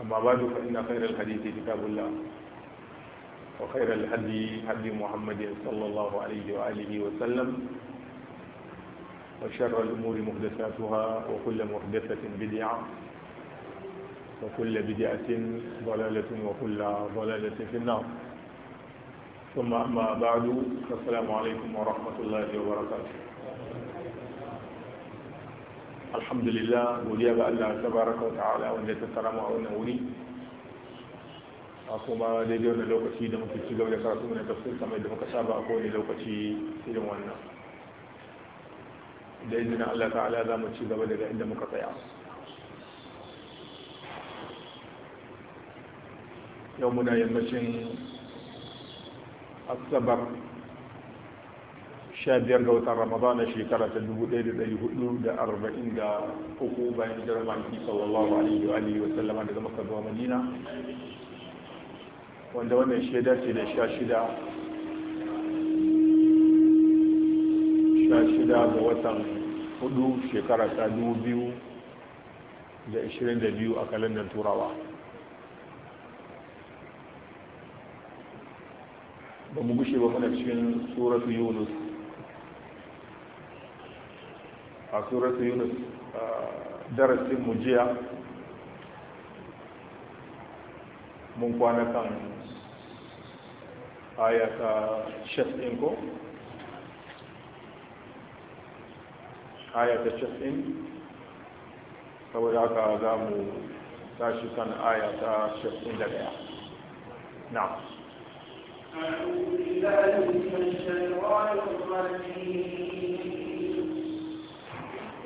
أما بعد فإن خير الحديث كتاب الله وخير الهدي هدي محمد صلى الله عليه وآله وسلم وشر الأمور محدثاتها وكل محدثة بدعة وكل بدعة ضلالة وكل ضلالة في النار ثم أما بعد فالسلام عليكم ورحمة الله وبركاته alhamdulillah godiya ga Allah tabaraka wa ta'ala wanda ya tattara mu a wannan wuri a kuma daidai wannan lokaci da muke ci gaba da karatu mana tafsir kamar da muka saba a kowane lokaci irin wannan da izinin Allah ta'ala za mu ci gaba daga inda muka tsaya yau muna yammacin asabar 15 ga watan Ramadan ramadana shekara ta 1443 bayan hijirar maliki sallallahu alaihi wa alihi wa sallama daga makka zuwa madina wanda wannan shaida ce da sha shida ga watan 4 shekara ta 2022 a kalandar turawa ba mu gushe ba muna cikin tsoratu yunus a suratu yunus darasin mujiya mun kwana kan ayata shafin ko ayata shafin saboda haka za mu tashi kan ayata shafin da daya na أعوذ بالله من الشيطان الرجيم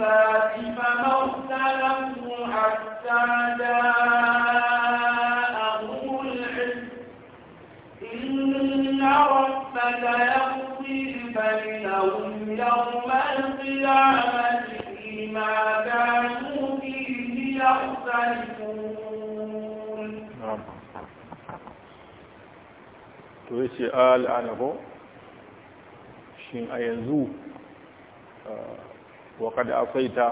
الطيبات فما حتى جاءهم العلم إن ربك يقضي بينهم يوم القيامة فيما كانوا فيه يختلفون to yace al'anahu shin a yanzu wa akwai asaita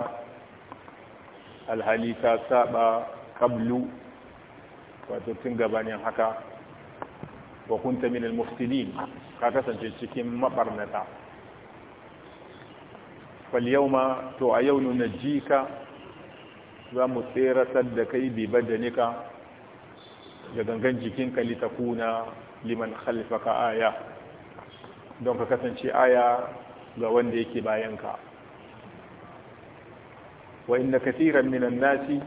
alhali ta saba kablu wato tun gabanin haka wa kunta min al ka kasance cikin mabarnata fal yawma to a yau nunajjika za mu tseratar da kai bi badanika da gangan jikin jikinka litakuna liman khalfaka aya don ka kasance aya ga wanda yake bayanka wa inna katiran minan nasi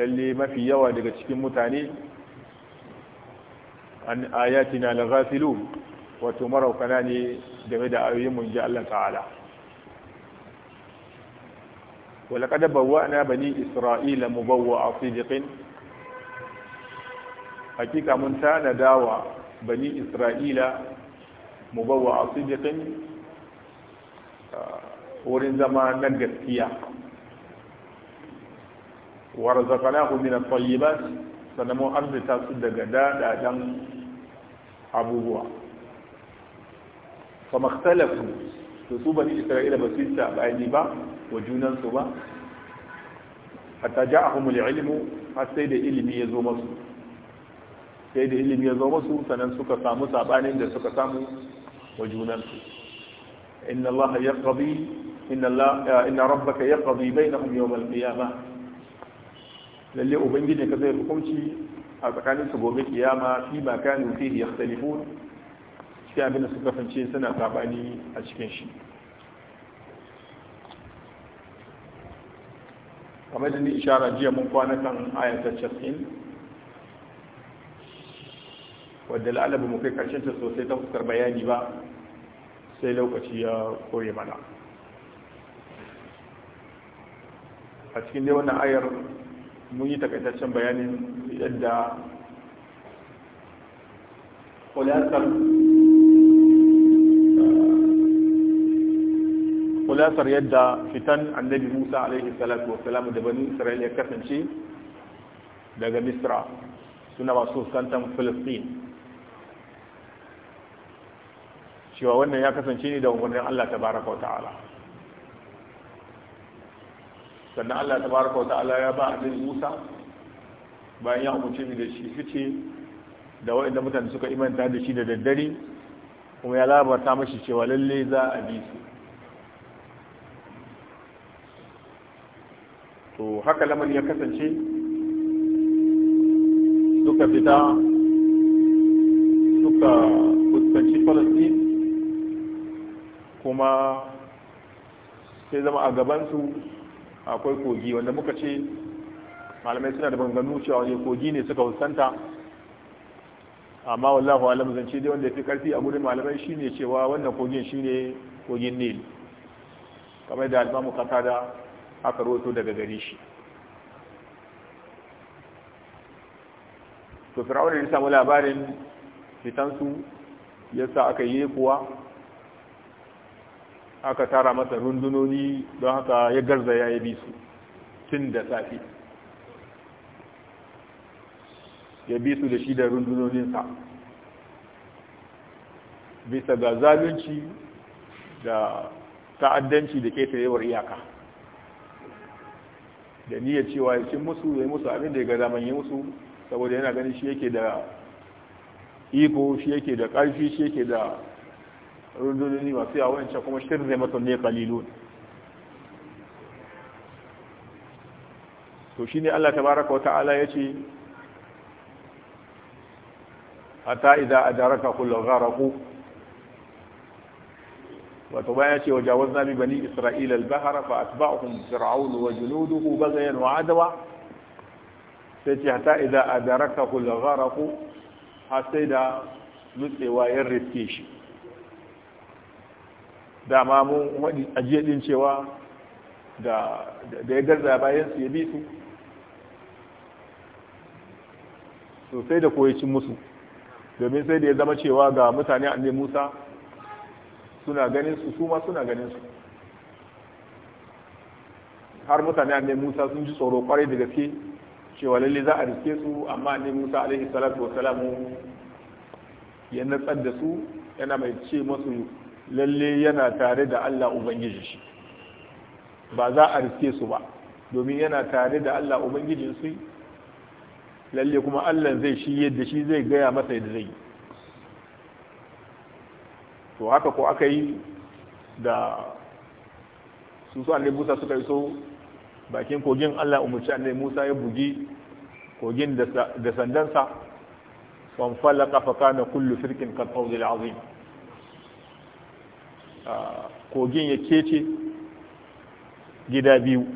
lalle mafi yawa daga cikin mutane an ayatina la ghafilu wato marauƙana ne game da ayoyin mun ji Allah ta'ala wa laqad bawwa'na bani isra'ila mubawwa'a sidiqin hakika mun ta da dawa bani isra'ila mubawwa'a sidiqin wurin zama na gaskiya wa razaqnahu min at-tayyibat sannan mu arzita su daga dadadan abubuwa fa makhtalafu to su bani isra'ila ba su ta bayani ba wa junan su ba hatta ja'ahum al-ilmu har sai da ilimi ya zo masu sai da ilimi ya zo masu sannan suka samu sabanin da suka samu wa junan su inna allaha yaqdi inna allaha inna rabbaka yaqdi bainahum yawm al-qiyamah lalle ubangiji ka zai hukunci a tsakanin su gobe kiyama fi ma kanu ya khalifu shi abin da suka fance suna sabani a cikin shi kamar da ni ishara jiya mun kwana kan ayata 90 wadda la'ala ba mu kai karshen ta sosai ta fuskar bayani ba sai lokaci ya kore mana a cikin dai wannan ayar mun yi takaitaccen bayanin yadda kulasar uh, yadda fitan annabi musa alaihi salatu wa salamu da bani isra'il ya kasance daga misra suna masu santan filistin cewa wannan ya kasance ne da umarnin allah ta baraka wa ta'ala sannan Allah baraka wa ta'ala ya ba annabi Musa bayan ya umarce ni da shi fice da waɗanda mutane suka imanta da shi da daddare kuma ya labarta mashi cewa lalle za a bi su to haka lamarin ya kasance suka fita suka fuskanci falastin kuma sai zama a gabansu akwai kogi wanda muka ce malamai suna da banganu cewa wani kogi ne suka husanta amma wallahu alam zance dai wanda ya fi karfi a gudun malamai shine cewa wannan kogin shine kogin nil kamar da albamu kata da aka roto daga gare shi to fir'auna ya samu labarin fitansu yasa aka yi kuwa aka tara masa rundunoni don haka ya garza ya yi bisu tun da safi ya bisu da shi da rundunoninsa bisa ga zalunci da ta'addanci da ketarewar iyaka da niyya cewa ya cin musu ya yi musu abin da ya ga zamani musu saboda yana ganin shi yake da iko shi yake da ƙarfi shi yake da rundunoni masu yawa yancin kuma ne masa ne kalilun to shi ne Allah tabaraka wa ta'ala a hatta idza gara ku? gharaqu wa ya ce wajawazna bi bani isra'ila al-bahra fa atba'ahum fir'aun wa junuduhu baghyan wa adawa sai ce a idza adaraka gara ku? har sai da nutsewa ya riske shi dama mun wadi ajiye din cewa da da ya garza bayan su ya bi su sosai da koyacin musu domin sai da ya zama cewa ga mutane annabi Musa suna ganin su su ma suna ganin su har mutane annabi Musa sun ji tsoro kwarai da gaske cewa lalle za a riske su amma annabi Musa alaihi salatu wassalamu ya natsar da su yana mai ce masu lalle yana tare da Allah ubangiji shi ba za a riske su ba domin yana tare da Allah ubangiji su lalle kuma Allah zai shi yadda shi zai gaya masa yadda zai to haka ko aka yi da su su Allah Musa suka yi iso bakin kogin Allah umarci Allah Musa ya bugi kogin da sandansa fan falaka fa kana kullu firkin kal fawzil azim kogin ya kece gida biyu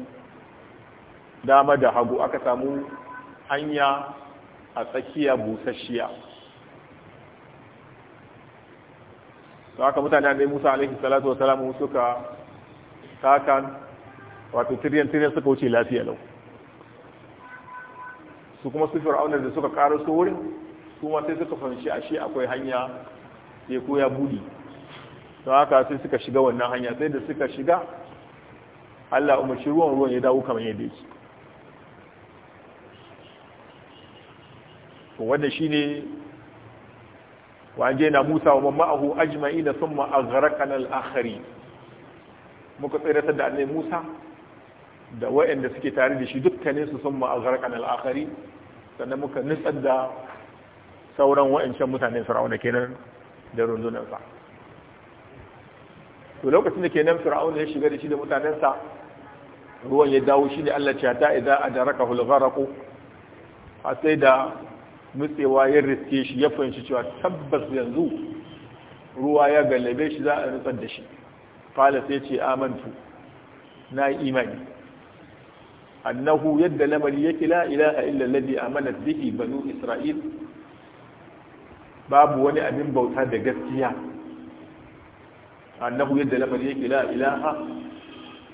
dama da hagu aka samu hanya a tsakiya busasshiya ta aka mutane ɗai Musa alaihi salatu wasalamu suka kakan wato tiryan tiryan suka wuce lafiya lau su kuma su fir'aunar da suka karo su wurin kuma sai suka fanshi ashe akwai hanya teku ya budi to haka sai suka shiga wannan hanya sai da suka shiga Allah umarci ruwan ruwan ya dawo kamar yadda yake wanda shine waje na Musa wa ma'ahu ajma'ina thumma aghraqna al-akharin muka tsiratar da annabi Musa da waɗanda suke tare da shi dukkanin su sun aghraqna al sannan muka nutsar da sauran waɗancan mutanen Fir'auna kenan da rundunarsa to lokacin da kenan fir'aun ya shiga da shi da mutanensa ruwan ya dawo shi ne Allah ya ta idza adaraka hul gharaqu a sai da mutsewa ya riske shi ya fahimci cewa tabbas yanzu ruwa ya gallabe shi za a nutsar da shi fala sai ce amantu na yi imani annahu yadda lamari yake la ilaha illa alladhi amanat bihi banu isra'il babu wani abin bauta da gaskiya annahu yadda lafari yake la ilaha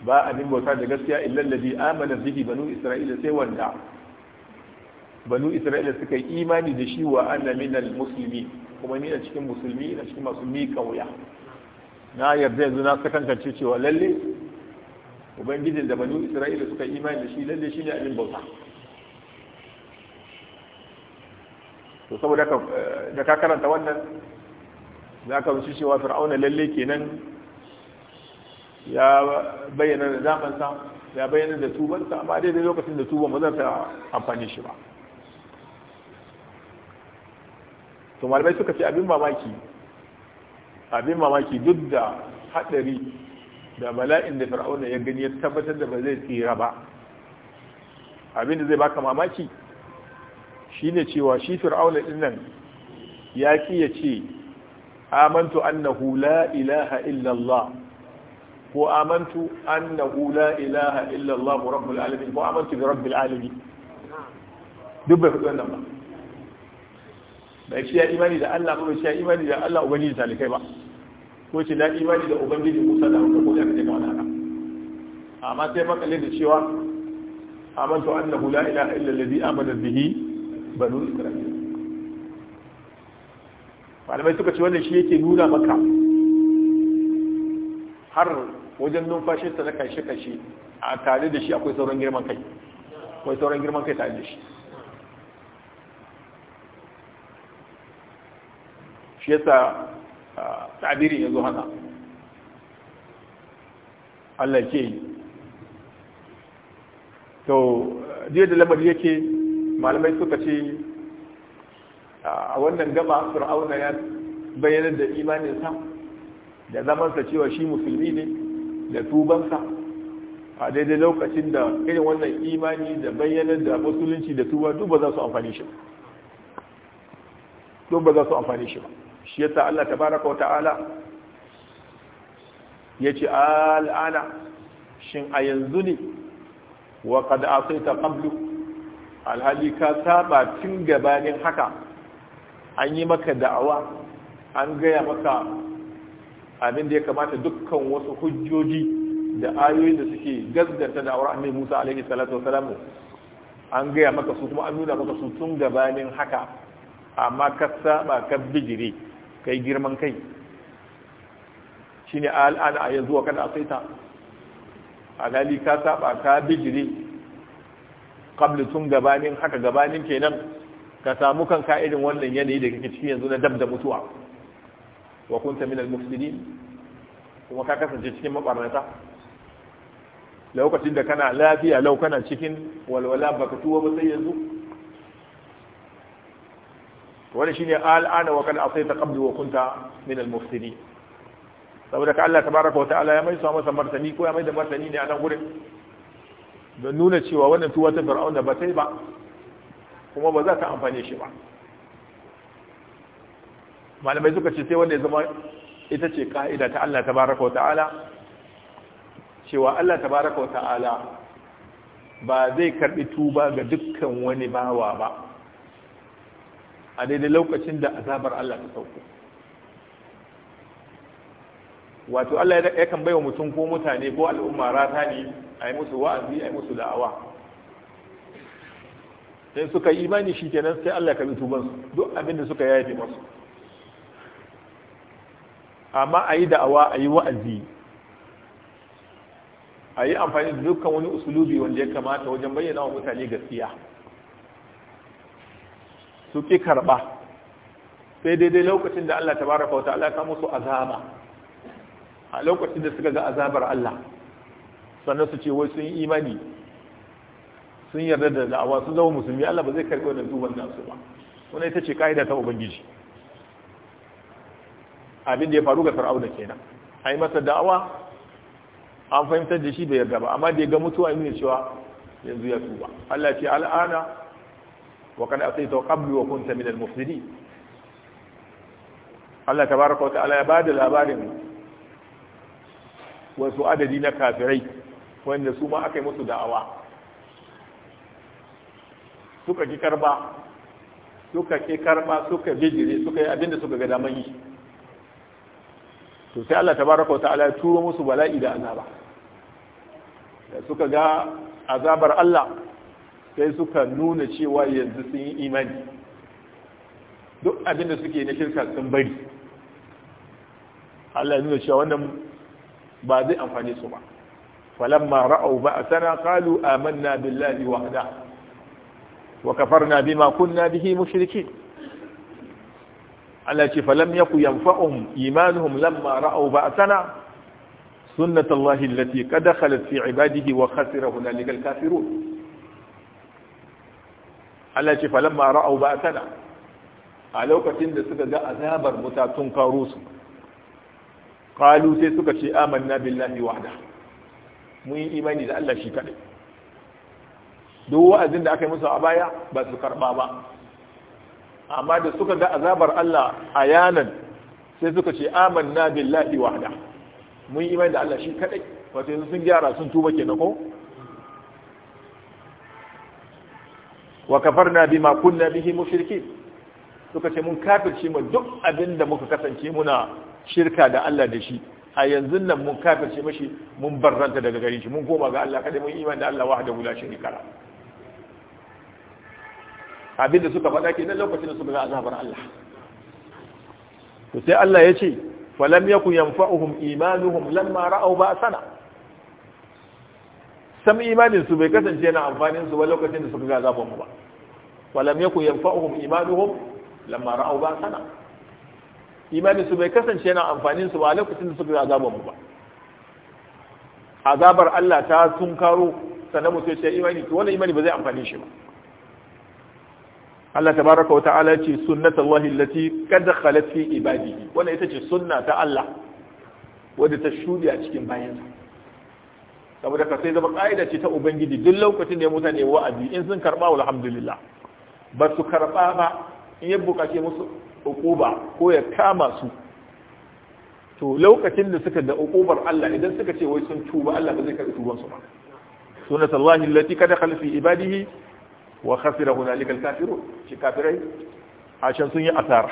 ba a nin bauta da gaskiya illal ladhi amana bihi banu isra'ila sai wanda banu isra'ila suka yi imani da shi wa anna minal muslimi kuma ni a cikin musulmi ina cikin masu mika wuya na yarda yanzu na sakankance cewa lalle ubangijin da banu isra'ila suka yi imani da shi lalle shine abin bauta to saboda eh, da ka karanta wannan za ka rushe cewa fir'auna lalle kenan ya bayyana da zamansa ya bayyana da tubansa amma daidai lokacin da tuban ba za ta amfani shi ba to malamai suka ce abin mamaki abin mamaki duk da haɗari da bala'in da fir'auna ya gani ya tabbatar da ba zai tsira ba abin da zai baka mamaki shine cewa shi fir'auna din ya ki ce amantu annahu la ilaha illallah ko amantu annahu la ilaha illallah rabbul alamin ko amantu bi rabbil alamin duk bai faɗi wannan ba bai ce ya imani da Allah ko bai ce ya imani da Allah ubangiji talikai ba ko ce da imani da ubangiji Musa da ko da kake kawai haka amma sai makalle da cewa amantu annahu la ilaha illallah alladhi amana bihi banu isra'il malamai suka ce wannan shi yake nuna maka har wajen numfashin ta na kashe-kashe a tare da shi akwai sauran girman kai akwai sauran girman kai tare da shi shi yasa tabiri ya zo hana, Allah ke yi to jiya da lamari yake malamai suka ce a wannan gaba fir'auna ya bayyana da imaninsa da zamansa cewa shi musulmi ne da tubansa a daidai lokacin da irin wannan imani da bayyana da musulunci da tuba duk ba za su amfani shi duk ba za su amfani shi ba shi yasa Allah tabaraka wa ta'ala yace al'ana shin a yanzu ne wa qad asaita qablu alhali ka saba tun gabanin haka an yi maka da'awa an gaya maka abin da ya kamata dukkan wasu hujjoji da ayoyin da suke da da'awar annabi Musa alaihi salatu wasalam an gaya maka su kuma an nuna maka su tun gabanin haka amma ka saba ka bijire kai girman kai shine al'ana a yanzu wa kada saita alali ka saba ka bijire Kabla tun gabanin haka gabanin kenan ka samu kanka irin wannan yanayi da kake ciki yanzu na dab da mutuwa wa kunta al mufsidin kuma ka kasance cikin mabarnata lokacin da kana lafiya lau kana cikin walwala baka tuwa ba sai yanzu wani shine al'ana wa kana ta qabli wa kunta al mufsidin saboda ka Allah tabaraka wa ta'ala ya mai sa masa martani ko ya mai da martani ne a nan gurin don nuna cewa wannan tuwa ta fir'auna ba sai ba kuma ba za ta amfane shi ba malamai suka ce sai wanda ya zama ita ce ka'ida ta Allah tabaraka wa ta'ala cewa Allah tabaraka wa ba zai karbi tuba ga dukkan wani bawa ba a daidai lokacin da azabar Allah ta sauko wato Allah ya kan baiwa mutum ko mutane ko al'umma rata ne a yi musu wa'azi a yi musu da'awa sai suka yi imani shi kenan sai Allah ka bi tuban su duk abin da suka yaye masu amma a yi da'awa a wa'azi Ayi amfani da dukkan wani usulubi wanda ya kamata wajen bayyana wa mutane gaskiya su ki karba sai daidai lokacin da Allah tabaraka wata Allah ya musu azaba a lokacin da suka ga azabar Allah sannan su ce wai sun yi imani sun yarda da da'awa sun zama musulmi Allah ba zai karɓi wannan tuban nasu ba wannan ita ce ka'ida ta ubangiji abin da ya faru ga fir'auna kenan ai masa da'awa an fahimtar da shi bai yarda ba amma da ya ga mutuwa ne cewa yanzu ya tuba Allah ya ce al'ana wa kana ta qabli wa kunta min al-mufsidin Allah tabaraka wa ta'ala ya bada labarin wasu adadi na kafirai wanda su ma aka yi musu da'awa suka ki karba suka ki karba suka bijire suka yi abinda suka ga daman yi to sai Allah tabaraka wa ta'ala ya turo musu bala'i da azaba da suka ga azabar Allah sai suka nuna cewa yanzu sun yi imani duk abinda suke na shirka sun bari Allah ya nuna cewa wannan ba zai amfane su ba falamma ra'au ba sana qalu amanna billahi wahda wa kafarna bima kunna bihi mushrikin Allah ce falam yaku yanfa'uhum imanuhum lamma ra'aw ba'sana sunnatullahi allati qad dakhalat fi ibadihi wa khasira hunalika al-kafirun Allah ce falamma ra'aw ba'sana a lokacin da suka ga azabar mutatun karo su Kalu sai suka ce amanna billahi wahda mun yi imani da Allah shi kaɗai. duk wa'azin da aka yi musu a baya ba su karba ba amma da suka ga azabar Allah a yanan sai suka ce amanna billahi wahda mun yi imani da Allah shi kadai wato yanzu sun gyara sun tuba kenan ko wa kafarna bima kunna bihi mushrikin suka ce mun kafirce mu duk abin da muka kasance muna shirka da Allah da shi a yanzu nan mun kafirce mashi mun barranta daga gare shi mun koma ga Allah kada mun imani da Allah wahdahu la sharika lahu abinda suka faɗa ke nan lokacin da suka ga azabar Allah to sai Allah ya ce falam yakun yanfa'uhum imanuhum lamma ra'aw ba'sana sam imanin su bai kasance na amfanin su ba lokacin da suka ga azabar mu ba falam yakun yanfa'uhum imanuhum lamma ra'aw ba'sana imanin su bai kasance na amfanin su ba lokacin da suka ga azabar mu ba azabar Allah ta sun karo sannan mutum ya ce imani to wannan imani ba zai amfani shi ba Allah tabaraka wa ta'ala ce Allah allati qad khalat fi ibadihi wannan ita ce sunna ta Allah wadda ta shudi a cikin bayansa saboda ka sai zama ka'ida ce ta ubangiji duk lokacin da ya mutane wa'azi in sun karɓa alhamdulillah ba su karɓa ba in ya bukace musu uquba ko ya kama su to lokacin da suka da uqubar Allah idan suka ce wai sun tuba Allah ba zai karɓi tuban su ba Allah allati kada fi ibadihi wa khasira hunalika alkafirun shi kafirai a can sun yi asara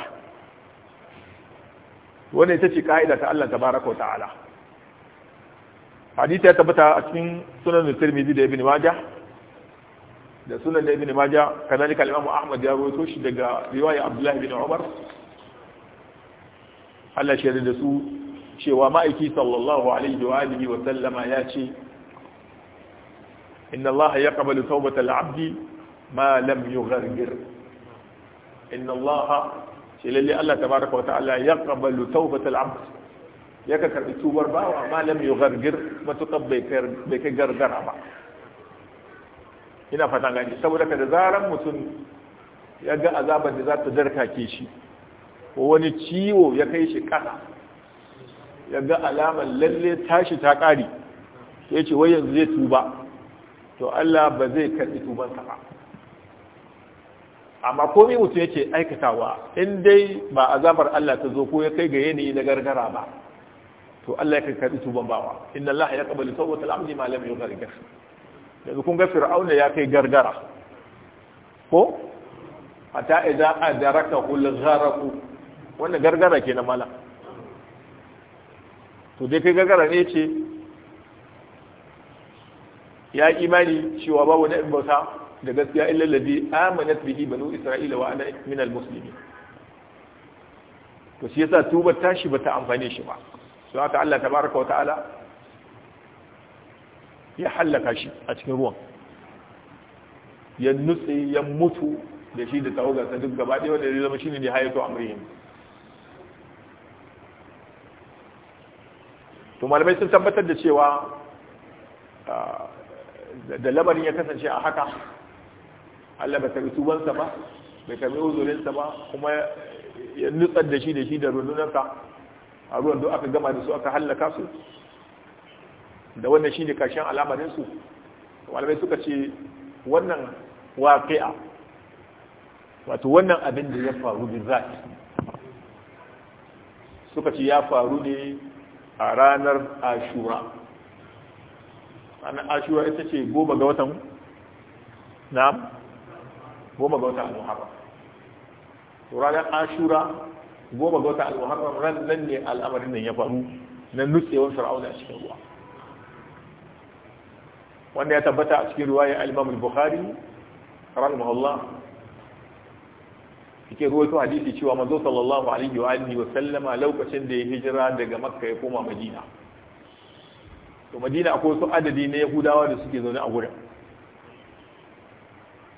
wannan ita ce kaida ta Allah tabaraka wa ta'ala hadisi ya tabbata a cikin sunan Tirmidhi da Ibn Majah da sunan da Ibn Majah kanalika al-Imam Ahmad ya rawaito shi daga riwaya Abdullah ibn Umar Allah shi da su cewa ma'aiki sallallahu alaihi wa alihi wa sallama ya ce inna Allah yaqbalu al 'abdi ما لم يغرغر inna الله shi lalle Allah tabaraka wa ta'ala yaqbalu tawbat al-abd yaka karbi tubar bawa ma lam yughargir matukan bai kai gargara ba ina fatan gani saboda ka da zaran mutum ya ga azabar da za ta ke shi ko wani ciwo ya kai shi kasa ya ga alamar lalle tashi ta ƙari sai ce wai yanzu zai tuba to Allah ba zai karɓi ka ba amma komai mutum yake aikatawa in dai ba azabar Allah ta zo ko ya kai ga yanayi na gargara ba to Allah ya kaɗi tuban bawa inna Allah ya qabbalu tawbatal abdi ma lam yughargir yanzu kun ga fir'auna ya kai gargara ko a hatta a daraka kul gharaku wannan gargara ke na mala to dai kai gargara ne ce ya imani cewa babu na bauta da gaskiya illa ladhi amanat bihi banu isra'ila wa ana min almuslimin to shi yasa tubar tashi bata amfane shi ba so haka Allah tabaaraka wa ta'ala ya halaka shi a cikin ruwan ya nutse ya mutu da shi da tawaga sa duk gaba ɗaya wanda ya zama shine ne hayato amrihim to malamai sun tabbatar da cewa ah, da labarin ya kasance a haka Allah bai karbi tubansa ba bai karbi uzurinsa ba kuma ya nutsar da shi da shi da rundunarsa a ruwan da aka gama da su aka hallaka su da wannan shi ne karshen al'amarinsu malamai suka ce wannan waƙi'a wato wannan abin da ya faru da za suka ce ya faru ne a ranar ashura ranar ashura ita ce goma ga watan na'am goma ga wata al-muharram ranar ashura goma ga wata al-muharram ran nan ne al'amarin nan ya faru na nutsewar fir'auna a cikin ruwa wanda ya tabbata a cikin ya al-imam al-bukhari rahimahullah yake ruwaito hadisi cewa manzo sallallahu alaihi wa alihi wa sallama lokacin da ya hijira daga makka ya koma madina to madina akwai su adadi na yahudawa da suke zaune a gurin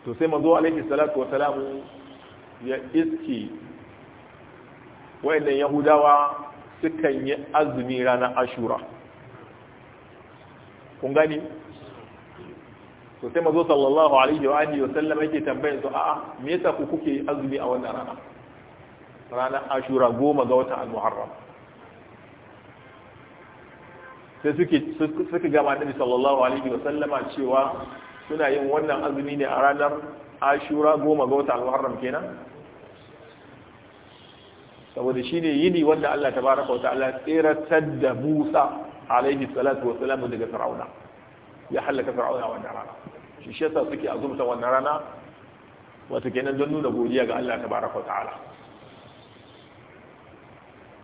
to sai manzo alaihi salatu wa salamu ya iski wayannan yahudawa sukan yi azumi ranar ashura kun gani to sai mazo sallallahu alaihi wa alihi wa sallam yake tambayar su a'a me yasa ku kuke azumi a wannan rana ranar ashura goma ga watan al-muharram sai suke suka ga annabi sallallahu alaihi wa sallama cewa suna yin wannan azumi ne a ranar ashura goma ga wata al-muharram kenan saboda shi ne yini wanda Allah Ta baraka wa ta'ala tsiratar da Musa alaihi salatu wa salam daga sarauna ya hallaka sarauna wannan rana shi shi yasa suke azumta wannan rana wata kenan don nuna godiya ga Allah Ta baraka wa ta'ala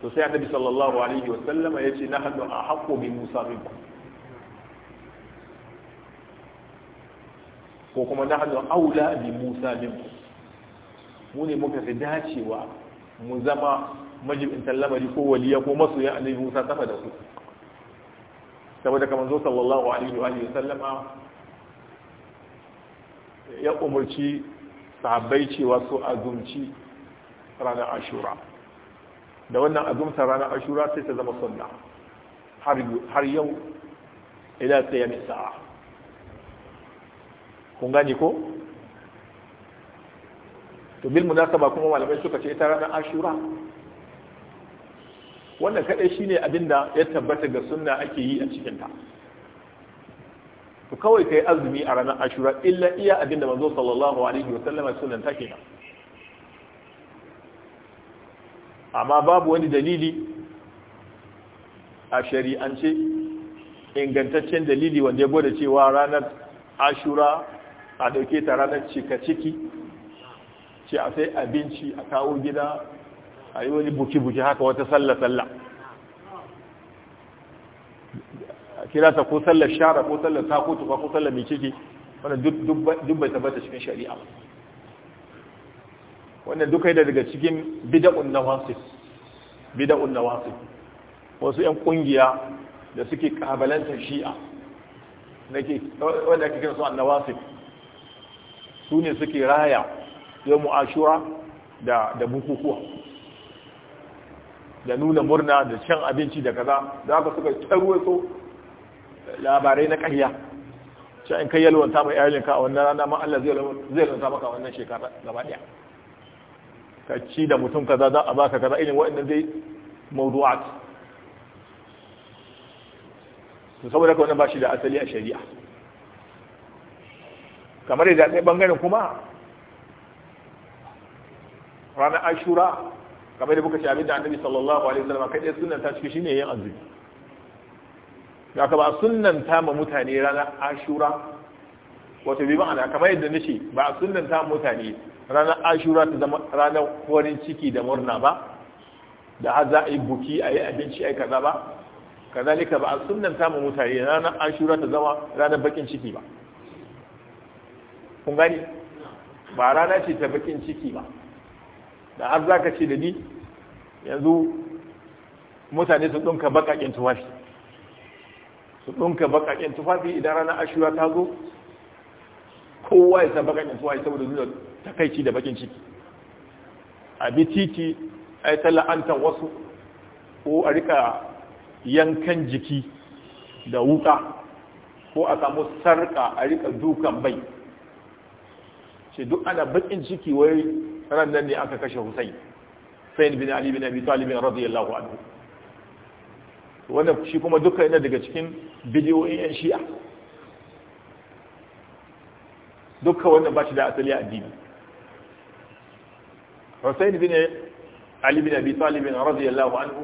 to sai annabi sallallahu alaihi wa sallama hannu a haƙo bi Musa minkum ko kuma na hannu aula bi musa min mu ne muka fi dacewa mu zama majibin lamari ko waliya ko masoya annabi musa sama da ku saboda kamar zo sallallahu alaihi wa sallama ya umarci sahabbai cewa su azumci ranar ashura da wannan azumta ranar ashura sai ta zama sunna har yau ila sai sa'a kun gani ko to bil munasaba kuma malamai suka ce ita ranar ashura wannan kadai shine abinda ya tabbata ga sunna ake yi a cikin ta to kawai kai azumi a ranar ashura illa iya abinda manzo sallallahu alaihi wasallam sunan ta kenan amma babu wani dalili a shari'ance ingantaccen dalili wanda ya bude cewa ranar ashura a dauke ta ranar cika ciki ce a sai abinci a kawo gida a yi wani buki-buki haka wata sallah-sallah a kira ta ko tsalla shara ko tsalla ta ko tsalla mai ciki wanda duk bai tabbata cikin shari'a wannan duka yana daga cikin bida'un nawasif bida'un nawasif wasu 'yan kungiya da suke kabalantar shi'a wanda ake kira su an su ne suke raya yau ashura da da bukukuwa da nuna murna da can abinci da kaza da ka suka tarwato labarai na ƙarya shi in kai yalwanta mai iyalinka a wannan rana ma Allah zai lanta maka wannan shekara gaba ɗaya ka ci da mutum kaza za a baka kaza irin waɗannan zai mawdu'at to saboda ka wannan ba shi da asali a shari'a kamar yadda ɗaya ɓangaren kuma ranar ashura kamar da muka ce abin da annabi sallallahu alaihi wasallam kai dai sunnanta shi shine yin azumi ya ka ba sunnanta ma mutane ranar ashura wato bi ma'ana kamar yadda nace ba sunnanta ma mutane ranar ashura ta zama ranar farin ciki da murna ba da haza a yi buki a yi abinci a yi kaza ba kazalika ba a sunnanta ma mutane ranar ashura ta zama ranar bakin ciki ba kun gani ba rana ce ta bakin ciki ba da har zaka ka ce da ni yanzu mutane su ɗunka baƙaƙen tufafi su ɗunka baƙaƙen tufafi idan rana ashura ta zo kowa ya sa baƙaƙen tufafi saboda nuna takaici da bakin ciki a bi titi a yi tala'antar wasu ko a rika yankan jiki da wuka ko a samu sarƙa a rika dukan bai ce duk ana bakin ciki wai ran nan ne aka kashe Hussein Sayyid bin Ali bin Abi Talib radiyallahu anhu wannan shi kuma duka yana daga cikin bidiyoyin yan shi'a duka wannan ba shi da asali addini Hussein bin Ali bin Abi Talib radiyallahu anhu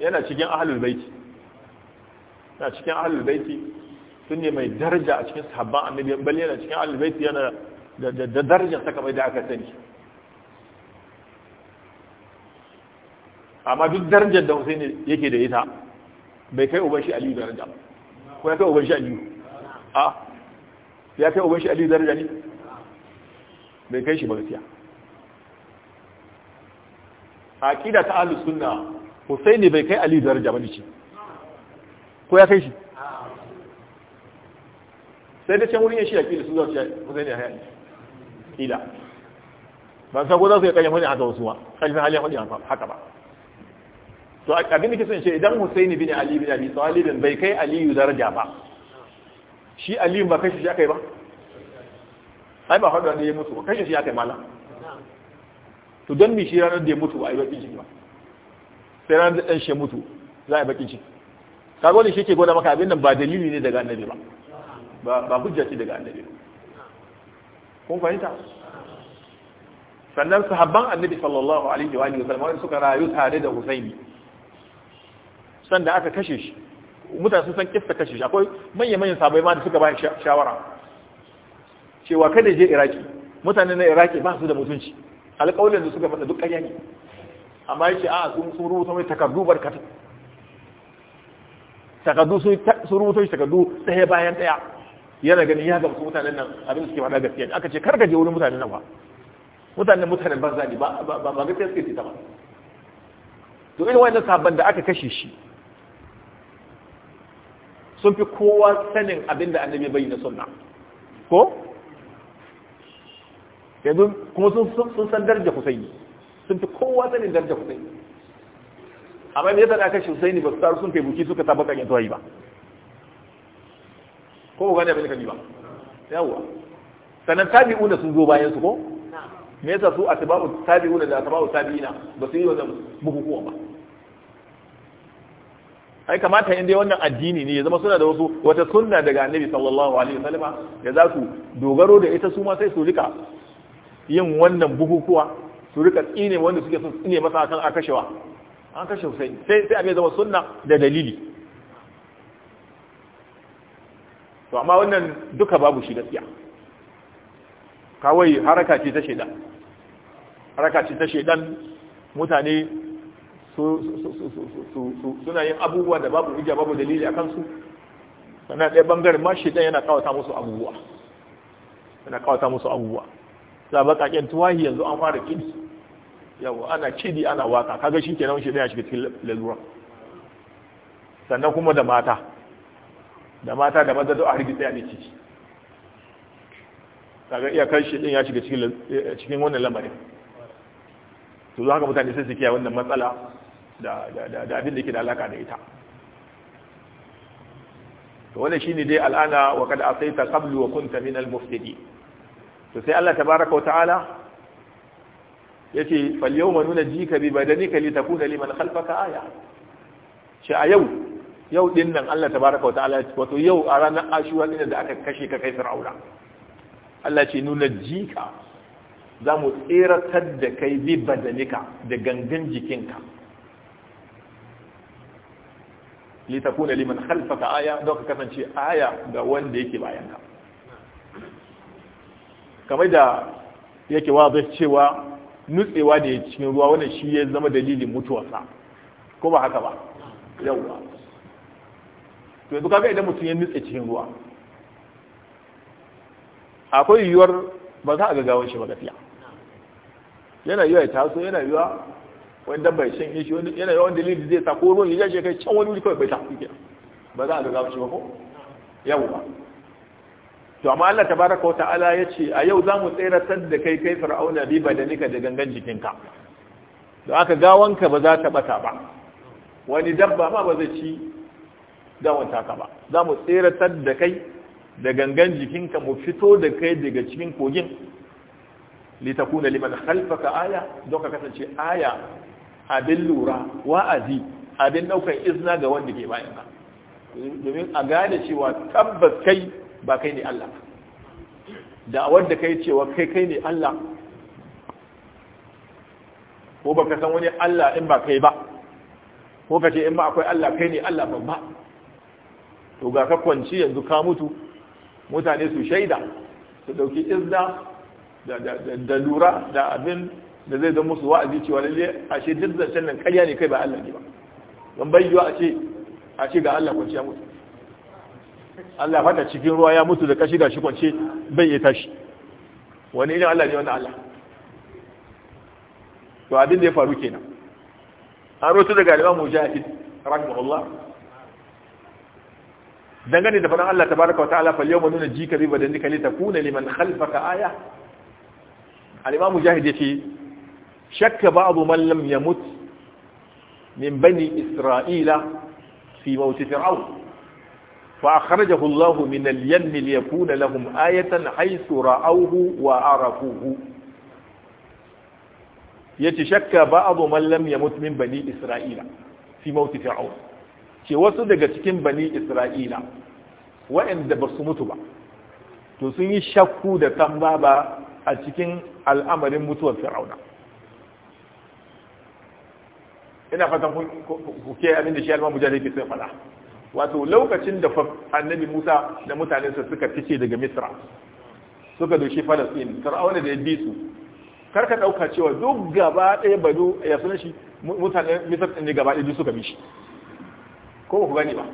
yana cikin ahlul baiti yana cikin ahlul baiti sun ne mai daraja a cikin sahabban annabi bal yana cikin ahlul baiti yana da darajar ta kamar da aka sani amma duk darajar da Hussein yake da ita bai kai uban shi Aliyu daraja ko ya kai uban shi Aliyu a ya kai uban shi Aliyu daraja ne bai kai shi ba A kida ta ahlus sunna Hussein bai kai Aliyu daraja ba ce. ko ya kai shi sai da can wurin ya shi aqida su zuwa Hussein ya ne. kila ban san ko za su yi kayan hujja haka wasu ba kaji hali halin a haka ba to abin da kisan ce idan Husaini bin Ali bin Abi Talib bai kai Aliyu daraja ba shi Aliyu ba kashe shi kai ba ai ba faɗa ne ya mutu ba kashi shi akai mala to don mi shi ranar da ya mutu ai bakin ciki ba sai ranar da dan shi mutu za a bakin ciki kaga ne shi ke gwada maka abin nan ba dalili ne daga annabi ba ba hujja ce daga annabi ba kun fahimta sannan sahabban annabi sallallahu alaihi wa alihi Wani suka rayu tare da Husaini sanda aka kashe shi mutane sun san kissa kashe shi akwai manyan manyan sabai ma da suka ba shawara cewa kada je Iraki mutane na Iraki ba su da mutunci alƙawarin da suka faɗa duk ƙarya ne amma yace a sun rubuta mai takardu barkata takardu sun rubuta shi takardu ɗaya bayan ɗaya yana ganin ya gamsu mutanen nan abin suke faɗa gaskiya aka ce kar ka je wurin mutanen nan ba mutanen mutanen banza zani ba ba gaskiya suke ta ba to irin wannan sabon da aka kashe shi sun fi kowa sanin abin da annabi bai na sunna ko yanzu kuma sun san darja husaini sun fi kowa sanin darja husaini amma me da aka shi husaini ba su taru sun kai buki suka tabbakan ya tawayi ba ko ba gane abin da kaji ba Sanan sannan tabi'una sun zo bayan su ko me yasa su atba'u tabi'una da atba'u tabi'ina ba su yi wannan bukukuwa ba ai kamata in dai wannan addini ne ya zama suna da wasu wata sunna daga annabi sallallahu alaihi wasallama da za su dogaro da ita su ma sai su rika yin wannan bukukuwa su rika tsine wanda suke son tsine masa akan akashewa an kashe sai sai abin zama sunna da dalili to amma wannan duka babu shi gaskiya kawai haraka ce ta shedan haraka ce ta shedan mutane suna yin abubuwa da babu hujja babu dalili akan su sannan ɗaya ɓangaren ma shedan yana kawata musu abubuwa yana kawata musu abubuwa za baƙaƙen tuwahi yanzu an fara kidi yawo ana kidi ana waka kaga shi kenan shi ɗaya shiga cikin lalura sannan kuma da mata da mata da maza da a hargitsa ne ciki kaga iyakar shi din ya shiga eh, cikin wannan lamarin to haka mutane sai su kiya wannan matsala da abin da yake da alaka da ita to wannan shine dai al'ana wa kad asaita qablu wa kunta min al mufsidi to sai Allah tabaaraka wa ta'ala yace fal yawma nunajjika bi badanika litakuna liman khalfaka aya shi a yau yau din nan Allah tabaraka wa ta'ala wato yau a ranar ashura din da aka kashe ka kai fir'auna Allah ce nuna jika za mu tseratar da kai bi badanika da gangan jikinka litakuna liman khalfaka aya don ka kasance aya ga wanda yake bayanka kamar da yake wazar cewa nutsewa da ya cikin ruwa wannan shi ya zama dalilin mutuwarsa ko ba haka ba yawwa to yanzu kaga idan mutum ya nutse cikin ruwa akwai yiwuwar ba za a ga gawon shi ba gafiya yana yiwuwa ya taso yana yiwuwa wani dabba shan shi yana yiwuwa wanda lidi zai sa ko ruwan ya shi kai can wani wuri kawai bai tafi kenan ba za a ga gawon shi ba ko yau ba to amma Allah tabaraka wa ta'ala yace a yau zamu tseratar da kai kai fir'auna bi badanika da gangan jikinka don aka gawanka ba za ta bata ba wani dabba ma ba zai ci gawata ka ba za mu tseratar da kai da gangan jikinka mu fito da kai daga cikin kogin litakuna liman khalfaka aya don ka kasance aya abin lura wa'azi abin daukar izna ga wanda ke bayan ka domin a gane cewa tabbas kai ba kai ne Allah da wanda kai cewa kai kai ne Allah ko ba ka san wani Allah in ba kai ba ko ce in ba akwai Allah kai ne Allah babba to ga ka kwanci yanzu ka mutu mutane su shaida su dauki izda da lura da abin da zai zama musu wa'azi cewa lalle ashe duk zancen nan karya ne kai ba Allah ne ba don bai yiwa ashe ce ga Allah kwanci ya mutu Allah fata cikin ruwa ya mutu da kashi shi kwanci bai yi tashi wani ilin Allah ne wani Allah to abin da ya faru kenan an rotu daga Imam Mujahid rahimahullah dangane da faɗin Allah tabaraka wa ta'ala fal yawma nuna jika bi badanika li takuna liman khalfaka aya al-imam mujahid yace shakka ba'du man lam yamut min bani isra'ila fi mawt fir'aun fa akhrajahu Allah min al-yamm yakuna lahum ayatan haythu ra'awhu wa arafuhu yace shakka ba'du man lam yamut min bani isra'ila fi mawt fir'aun ce wasu daga cikin bani isra'ila waɗanda ba su mutu ba to sun yi shakku da tamba ba a cikin al'amarin mutuwar fir'auna ina fatan ku ke abin da shi alman mujahid ke sai fada wato lokacin da annabi Musa da mutanensa suka fice daga Misra suka doshi falasin fir'auna da ya bi su kar ka dauka cewa duk gaba ɗaya bado ya sunan shi mutanen Misra ɗin ne gaba ɗaya duk suka bi shi ko ba ku gani ba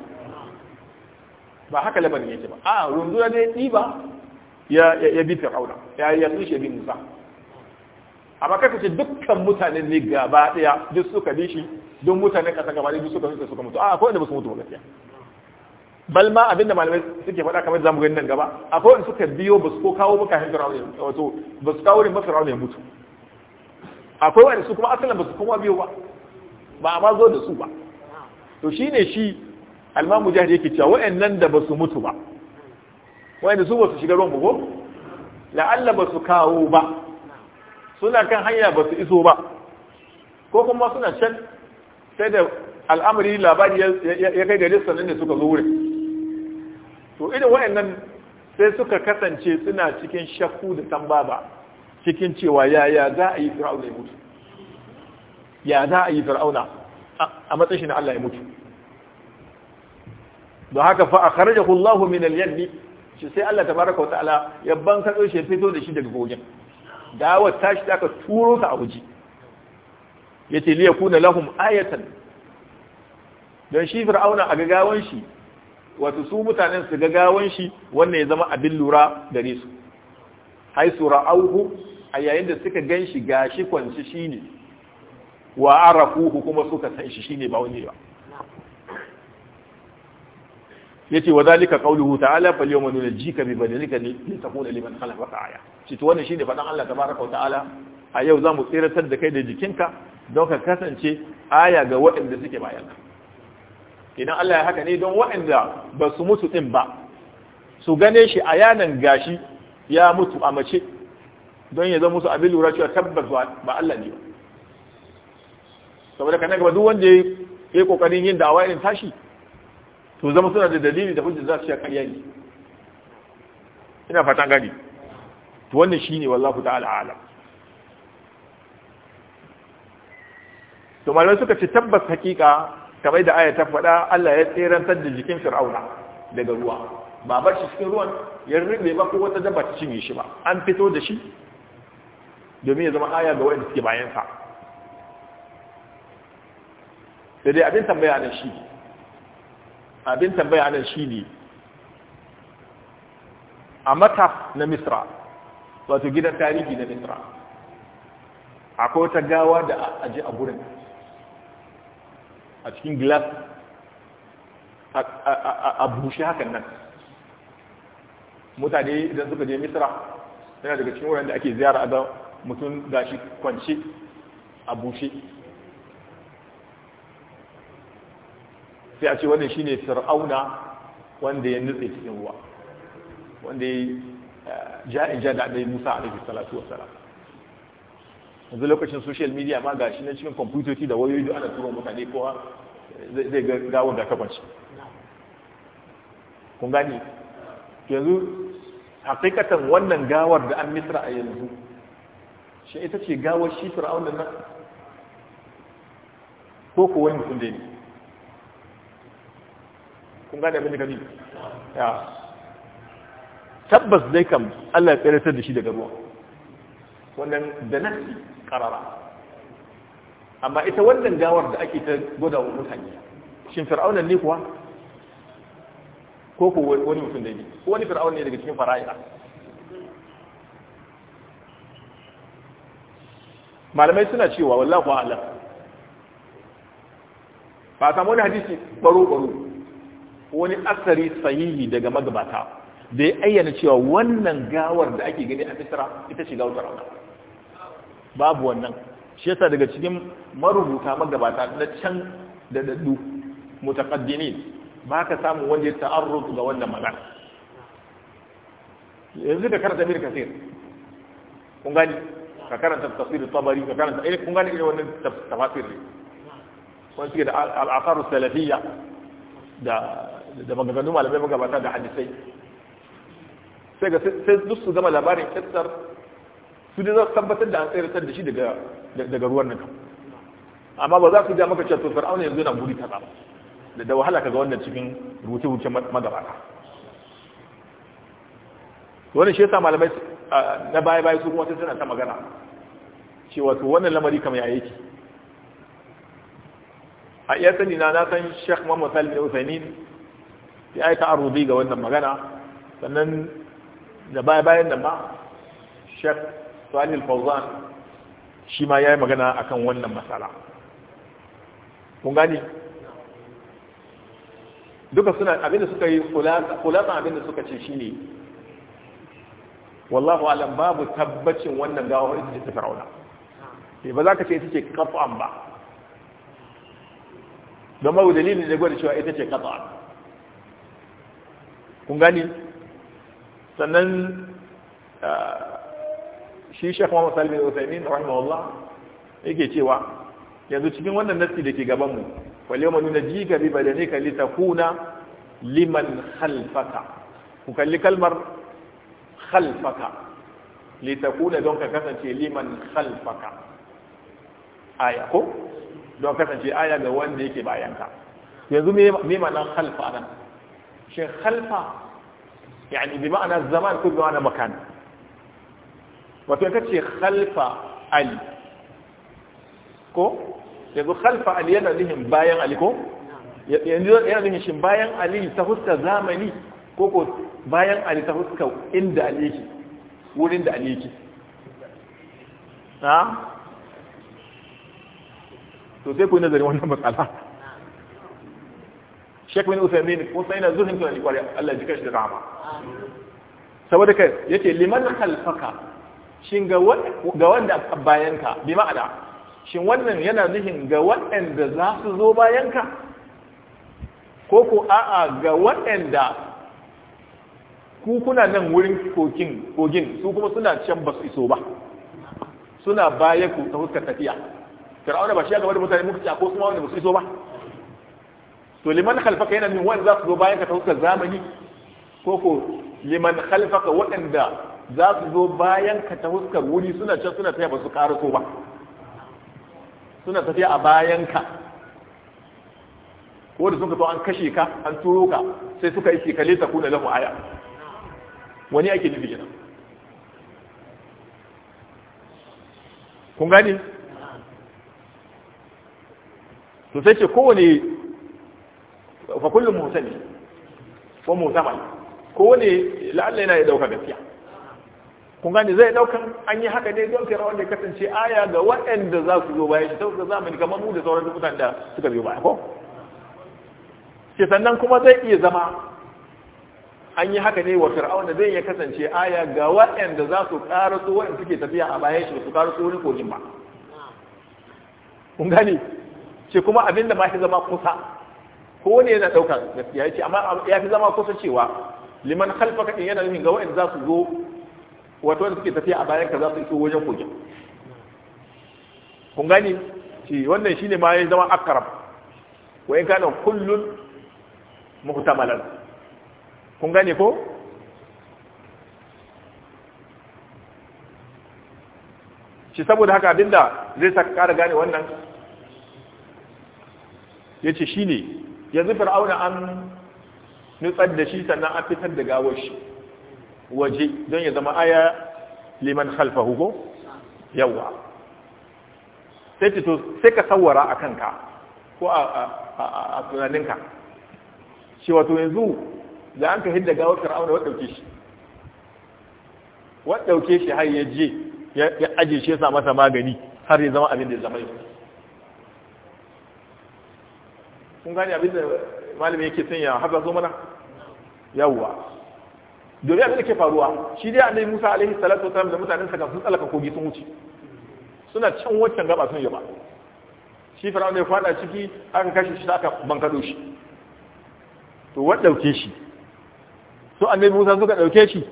ba haka labarin yake ba a rundunar da ya ɗiba ya bi fir'auna ya ya yanzu shi bi musa amma ka kace dukkan mutanen ne gaba daya duk suka bi shi don mutanen kasa gaba daya duk suka nuka suka mutu a akwai wanda ba su mutu ba gaskiya bal ma abinda malamai suke faɗa kamar zamu gani nan gaba akwai wanda suka biyo ba su ko kawo maka hankara fir'auna wato ba su kawo ne ba fir'auna ya mutu akwai wanda su kuma asalin ba su kuma biyo ba ba a ma zo da su ba to shi ne shi almamu jihar yake cewa nan da ba su mutu ba da su su shiga ruwan bugo la'alla su kawo ba suna kan hanya ba su iso ba ko kuma suna can sai da al'amari labari ya kai gare sannan da suka zo wurin to irin nan sai suka kasance suna cikin shakku da tambaba cikin cewa ya za a yi fir'auna ya mutu ya za a yi fir'auna a matsayin na Allah ya mutu don haka fa a kharaja kullahu min al yanni shi sai Allah ta tabaraka wa ta'ala ya ban kaso shi fito da shi daga gogin dawar tashi shi aka turo ka a waje ce liya kuna lahum ayatan don shi fir'auna a gagawanshi, shi wato su mutanen su gagawan shi wannan ya zama abin lura gare su hai sura'uhu a yayin da suka gan shi gashi kwanci ne. wa arafuhu kuma suka san shi shine ba wani ba yace wa zalika qawluhu ta'ala fal yawma nunjika bi badalika li takuna liman khalaqaka aya shi to wannan shine fadan Allah tabaaraka wa ta'ala a yau zamu tsiratar da kai da jikinka don ka kasance aya ga waɗanda suke bayan idan Allah ya haka ne don waɗanda ba su mutu din ba su gane shi a yanan gashi ya mutu a mace don ya zama musu abin lura cewa tabbas ba Allah ne ba saboda kana gaba duk wanda ya yi kokarin yin dawa irin tashi to zama suna da dalili da hujja za su ya karya ina fatan gani to wannan shine wallahu ta'ala alam to malamai suka ce tabbas hakika kamar da aya ta faɗa Allah ya tserantar da jikin Fir'auna daga ruwa ba bar shi cikin ruwan ya rube ba ko wata dabba ta cinye shi ba an fito da shi domin ya zama aya ga wanda suke bayan sai dai abin tambaya nan shi abin tambaya nan shi ne a mataf na misra wato gidan tarihi na misra akwai wata gawa da aji a gurin a cikin glass a bushe hakan nan mutane idan suka je misra yana daga cikin wurin da ake ziyara a ga mutum gashi kwance a bushe sai a ce wannan shine fir'auna wanda ya nutse cikin ruwa wanda ya ja'ija eh, da annabi Musa alaihi salatu wa salam. yanzu lokacin social media ma gashi na cikin kwamfutoci da wayoyi da ana turo mutane kowa zai ga gawon da kafanci kun gani yanzu hakikatan wannan gawar da an misra a yanzu shi ita ce gawar shi fir'auna nan ko kuwa wani mutum ne kun gane abin da gani ya tabbas dai kam Allah ya tsere da shi daga ruwa wannan da nasi karara amma ita wannan gawar da ake ta goda wa mutane shin fir'aunan ne kuwa ko ko wani mutum da ne ko wani fir'aun ne daga cikin fara'ira malamai suna cewa wallahu a'lam ba samu wani hadisi baro baro wani asari sahihi daga magabata da ya ayyana cewa wannan gawar da ake gani a misra ita ce gawar rauna babu wannan shi yasa daga cikin marubuta magabata na can da daddu mutakaddini ba ka samu wanda ya ta'arruf ga wannan magana yanzu da karanta mir kasir kun gani ka karanta tafsir tabari ka karanta ai kun gani wannan tafsir ne wannan suke da al aqar salafiyya da da maganganu malamai magabata da hadisai sai ga sai duk su gama labarin kissar su ne za su tabbatar da an tsayar da shi daga ruwan nan amma ba za su ja maka cewa to fir'auna yanzu yana buri kaza da da wahala kaga wannan cikin rubuce-rubuce magabata wannan shi yasa malamai na baya-baya su kuma sai suna ta magana cewa to wannan lamari kamar yayi ki a iya sani na na san shek Muhammad Salim al sai ai ta'arudi ga wannan magana sannan da baya bayan da ma Sheikh Salih Fauzan shi ma yi magana akan wannan matsala kun gani duka suna abinda suka yi kulatan abinda suka ce ne wallahu alam babu tabbacin wannan gawar ita ce fir'auna sai eh, ba za ka ce ita ce kafan ba don babu dalilin da gwada cewa ita ce kafan kun gani sannan shi shekh muhammad salim al-usaimin rahimahullah yake cewa yanzu cikin wannan nasti da ke gaban yau wal yawma nunajjika bi badanika kuna liman halfaka. ku kalli kalmar Lita litakuna don ka kasance liman halfaka. aya ko don kasance aya ga wanda yake bayanka yanzu me me ma'anar halfa nan shi khalfa yani bi ma'ana zaman ko bi ma'ana makan wato in kace khalfa ali ko khalfa ali yana nihin bayan ali ko yana nihin shin bayan ali ta huska zamani ko bayan ali ta huska inda ali yake wurin da ali nazarin wannan matsala Sheikh bin Uthaymeen ko sai na zuhin tunani kwari Allah ji kashi da rahama saboda kai yace liman khalfaka shin ga wanda bayanka bi ma'ana shin wannan yana nufin ga waɗanda za su zo bayanka ko ko a'a ga waɗanda ku kuna nan wurin kokin kogin su kuma suna can ba su iso ba suna baya ku ta fuskar tafiya fir'auna ba shi ya wanda da mutane muka ci ko kuma wanda ba su iso ba to liman khalfaka yana min wanda za su zo bayan ka ta fuskar zamani ko ko liman khalfaka waɗanda za su zo bayan ka ta fuskar wuri suna can suna tafiya ba su ko ba suna tafiya a bayan ka ko da sun ka to an kashe ka an turo ka sai suka yi kale ta kuna lahu aya wani ake nufi kenan kun gani to sai ce kowane fa kullum muhsani ko muhtamal ko wani la'alla yana ya dauka gaskiya kun gani zai daukan an yi haka ne don kira wanda ya kasance aya ga waɗanda za su zo baya shi saboda zamani kamar mu da sauran mutane da suka zo baya ko ke sannan kuma zai iya zama an yi haka ne wa fir'auna zai ya kasance aya ga waɗanda za su su waɗanda suke tafiya a baya shi su su wani kogin ba kun gani ce kuma abinda ma shi zama kusa ko wani yana ɗauka gaskiya ya ce amma ya fi zama kusa cewa liman halfaka ɗin yana nufin ga wa'in za su zo wato wanda suke tafiya a bayan ka za su iso wajen kogi kun gani ce wannan shine ma ya zama akarab in kana kullun muhtamalan kun gane ko shi saboda haka abinda zai saka kara gane wannan ya ce shi ne yanzu fir'auna an nutsar da shi sannan an fitar da gawar shi waje don ya zama aya liman halfa hugo yawa sai fito sai ka sawara a kanka ko a tunaninka shi wato yanzu da an ka hidda gawar fir'auna wadda shi wadda shi har ya je ya ajiye shi ya sa masa magani har ya zama abin da ya zama yau kun gane abin da malami yake son ya haɗa zo mana yawwa domin abin da ke faruwa shi dai annabi Musa alaihi salatu wasallam da mutanen sa sun tsalaka kogi sun wuce suna can wancan gaba sun yaba shi fir'aun ya fada ciki aka kashe shi aka bankado shi to wa dauke shi so annabi Musa suka dauke shi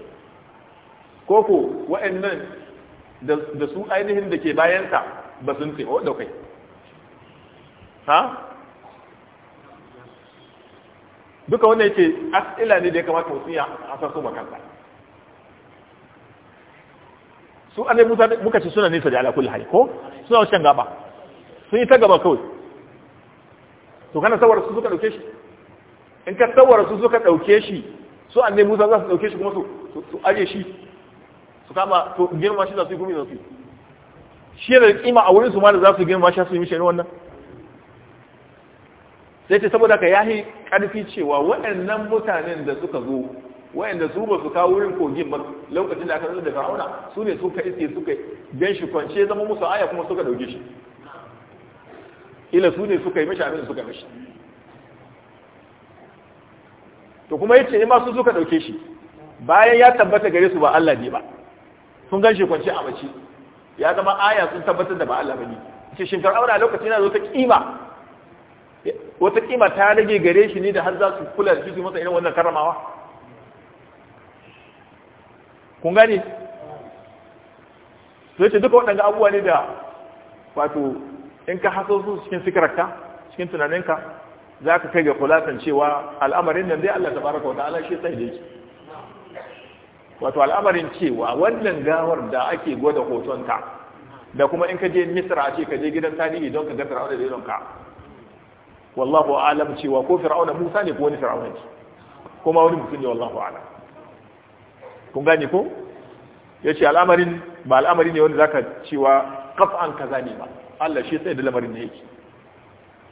Ko koko wa'annan da su ainihin da ke bayansa ba sun ce wa daukai ha duka wannan yake as'ila ne da ya kamata mutum ya asarto makansa su an musa muka ce suna nisa da ala kulli hali ko suna wancan gaba sun yi ta gaba kawai to kana sawara su suka dauke shi in ka sawara su suka dauke shi su an musa za su dauke shi kuma su aje shi su kama to girma shi za su yi gumi za su yi shi da kima a wurin su ma da za su girma shi su yi mishi wannan sai ce saboda ka yahi karfi cewa waɗannan mutanen da suka zo waɗanda su ba su kawo wurin kogin ba lokacin da aka zo da fa'auna su ne suka iske suka gan shi kwance zama musu aya kuma suka dauke shi ila su ne suka yi mishi abin da suka mishi to kuma yace in ma su suka dauke shi bayan ya tabbata gare su ba Allah ne ba sun gan shi kwance a mace ya zama aya sun tabbatar da ba Allah bane shi shin fir'auna lokacin da zo ta kima wata kima ta rage gare shi ne da har za su kula da shi su masa irin wannan karamawa kun gane sai ce duka waɗanda abubuwa ne da wato in ka haso su cikin sikirarka cikin tunaninka za ka kai ga kulatan cewa al'amarin nan dai Allah ta baraka wata ala shi sai da yake wato al'amarin cewa wannan gawar da ake gwada hotonta da kuma in ka je misra a ce ka je gidan tarihi don ka ga zai da ka wallahu alam cewa ko fir'auna Musa ne ko wani fir'auna ne ko ma wani mutum ne wallahu alam kun gane ko yace al'amarin ba al'amari ne wanda zaka cewa qaf'an kaza ne ba Allah shi sai da lamarin ne yake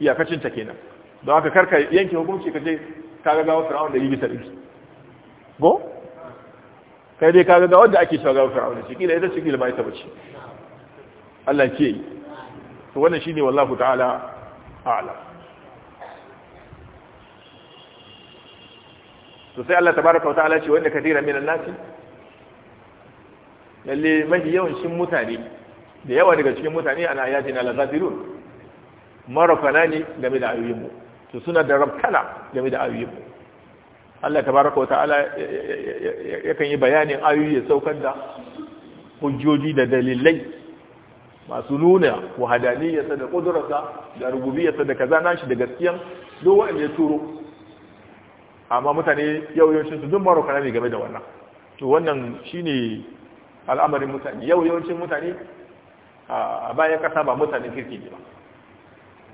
iyakacin ta kenan don haka karka yanke hukunci kaje ka ga gawa fir'auna da yigi sarki go kai dai ka ga gawa da ake cewa gawa fir'auna shi kila ita shi kila ba ita bace Allah ke yi to wannan shine wallahu ta'ala a'lam to sai Allah tabaraka wa ta'ala ce wanda kathira minan nasi lalle mafi yawancin mutane da yawa daga cikin mutane ana ayati na zafirun marafana ne game da ayoyin mu to suna da rabkana game da ayoyin mu Allah tabaraka wa ta'ala yakan yi bayanin ayoyi ya saukar da hujjoji da dalilai masu nuna wahadaniyarsa da kudurarsa da rububiyarsa da kaza nashi da gaskiyan duk wanda ya turo amma mutane yau yawancin su duk na ne game da wannan to wannan shine al'amarin mutane yau yawancin mutane a bayan kasa ba mutane kirki ne ba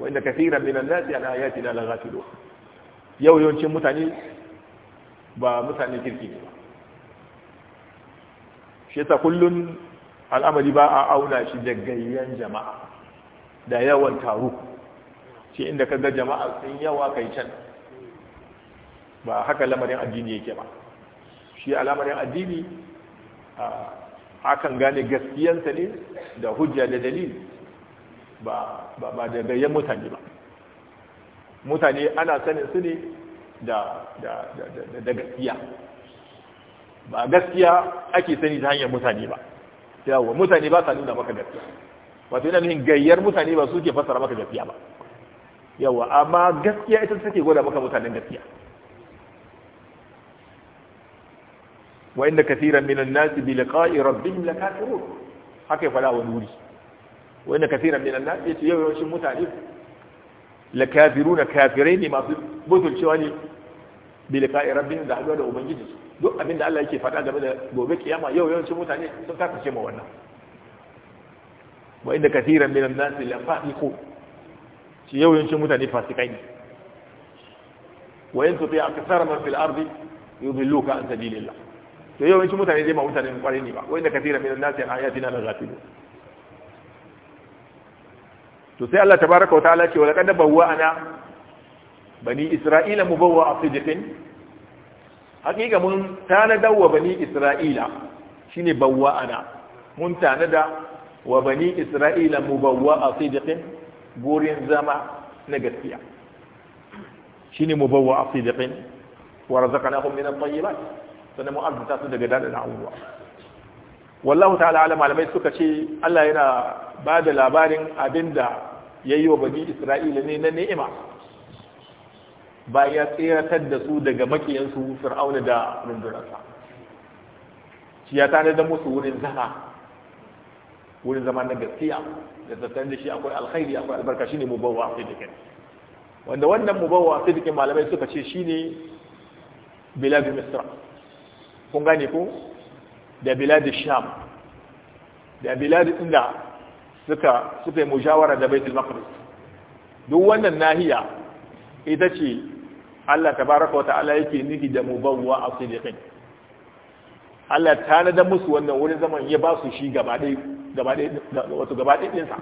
wanda kafiran minan nasi ana ayati la ghafilun yau yawancin mutane ba mutane kirki ne ba shi ta kullun al'amari ba a auna shi da gayyan jama'a da yawan taro shi inda kaga jama'a sun yawa kai can ba haka lamarin addini yake ba shi alamarin addini akan gane gaskiyansa ne da hujja da dalil ba ba da gayyen mutane ba mutane ana sanin su ne da gaskiya ba gaskiya ake sani ta hanyar mutane ba yawon mutane ba sa nuna maka gaskiya wato yana nufin gayyar mutane ba suke fasara maka gaskiya ba yawon amma gaskiya ita take gwada maka mutanen gaskiya وان كثيرا من الناس بلقاء ربهم لكافرون حكي فلا ونوري وان كثيرا من الناس يتيوش متعلف لكافرون كافرين ما بذل شواني بلقاء ربهم ذا حدود أبنجد دو أمين دا الله يكي فتاة دا بدا بوبي كياما يو يو شمو تاني سكاك شمو وانا وإن كثيرا من الناس اللي فاقيقو يو يو شمو تاني فاسقين وإن تطيع كثيرا من في الأرض يضلوك عن سبيل الله to yawancin mutane dai ba mutanen kwarai ne ba wai da kafira min nasi an ayatina la ghafilu to sai Allah tabaaraka wa ta'ala ce wa laqad bawwa'ana bani isra'ila mubawwa'a sidqin hakika mun tanada wa bani isra'ila shine bawwa'ana mun tanada wa bani isra'ila mubawwa'a sidqin burin zama na gaskiya shine mubawwa'a sidqin wa razaqnahum min at-tayyibat sannan mu arzuta su daga dadin abubuwa wallahu ta'ala alama malamai suka ce Allah yana ba da labarin abinda ya yi wa bani isra'ila ne na ni'ima bayan ya tseratar da su daga makiyansu fir'auna da rundunarsa shi ya tare da musu wurin zama wurin zama na gaskiya da tattar da shi akwai alkhairi akwai albarka shine mubawwa sidikin wanda wannan mubawwa sidikin malamai suka ce shine bilad misra kun gane ko da biladi sham da biladi inda suka suka yi mujawara da baitul maqdis duk wannan nahiya ita ce Allah tabaraka wa ta'ala yake nufi da mubawwa a sidiqin Allah ta da musu wannan wurin zaman ya ba su shi gaba ɗaya gaba ɗaya wato gaba ɗaya ɗinsa